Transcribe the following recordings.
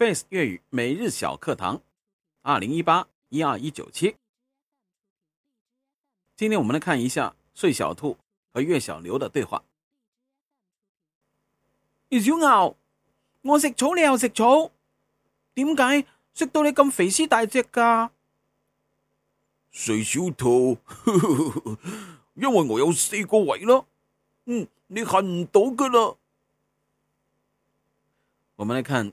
Face 粵語每日小課堂，二零一八一二一九七，今天我們來看一下穗小兔和粵小牛的對話。粵小牛：我食草，草，你又食草，點解食到你咁肥屍大隻噶、啊？穗小兔： 因為我有四個胃咯。嗯，你恨唔到噶啦。我們來看。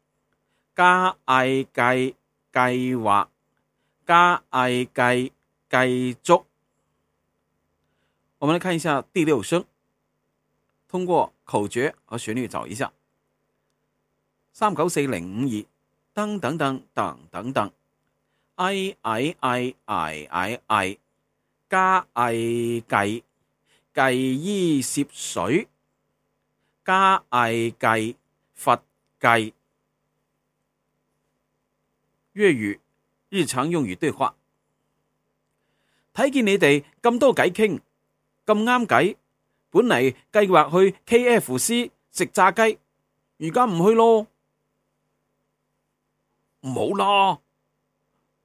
加毅計計劃，加毅計繼,繼續。我們嚟看一下第六聲，通過口訣和旋律找一下。三九四零五二，噔噔噔噔噔噔，哎哎哎哎哎哎，加毅計揭衣涉水，加毅計佛偈。粵語日常用語對話，睇見你哋咁多偈傾，咁啱偈，本嚟計劃去 KFC 食炸雞，而家唔去咯，唔好啦，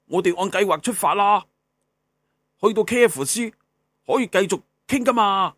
我哋按計劃出發啦，去到 KFC 可以繼續傾㗎嘛。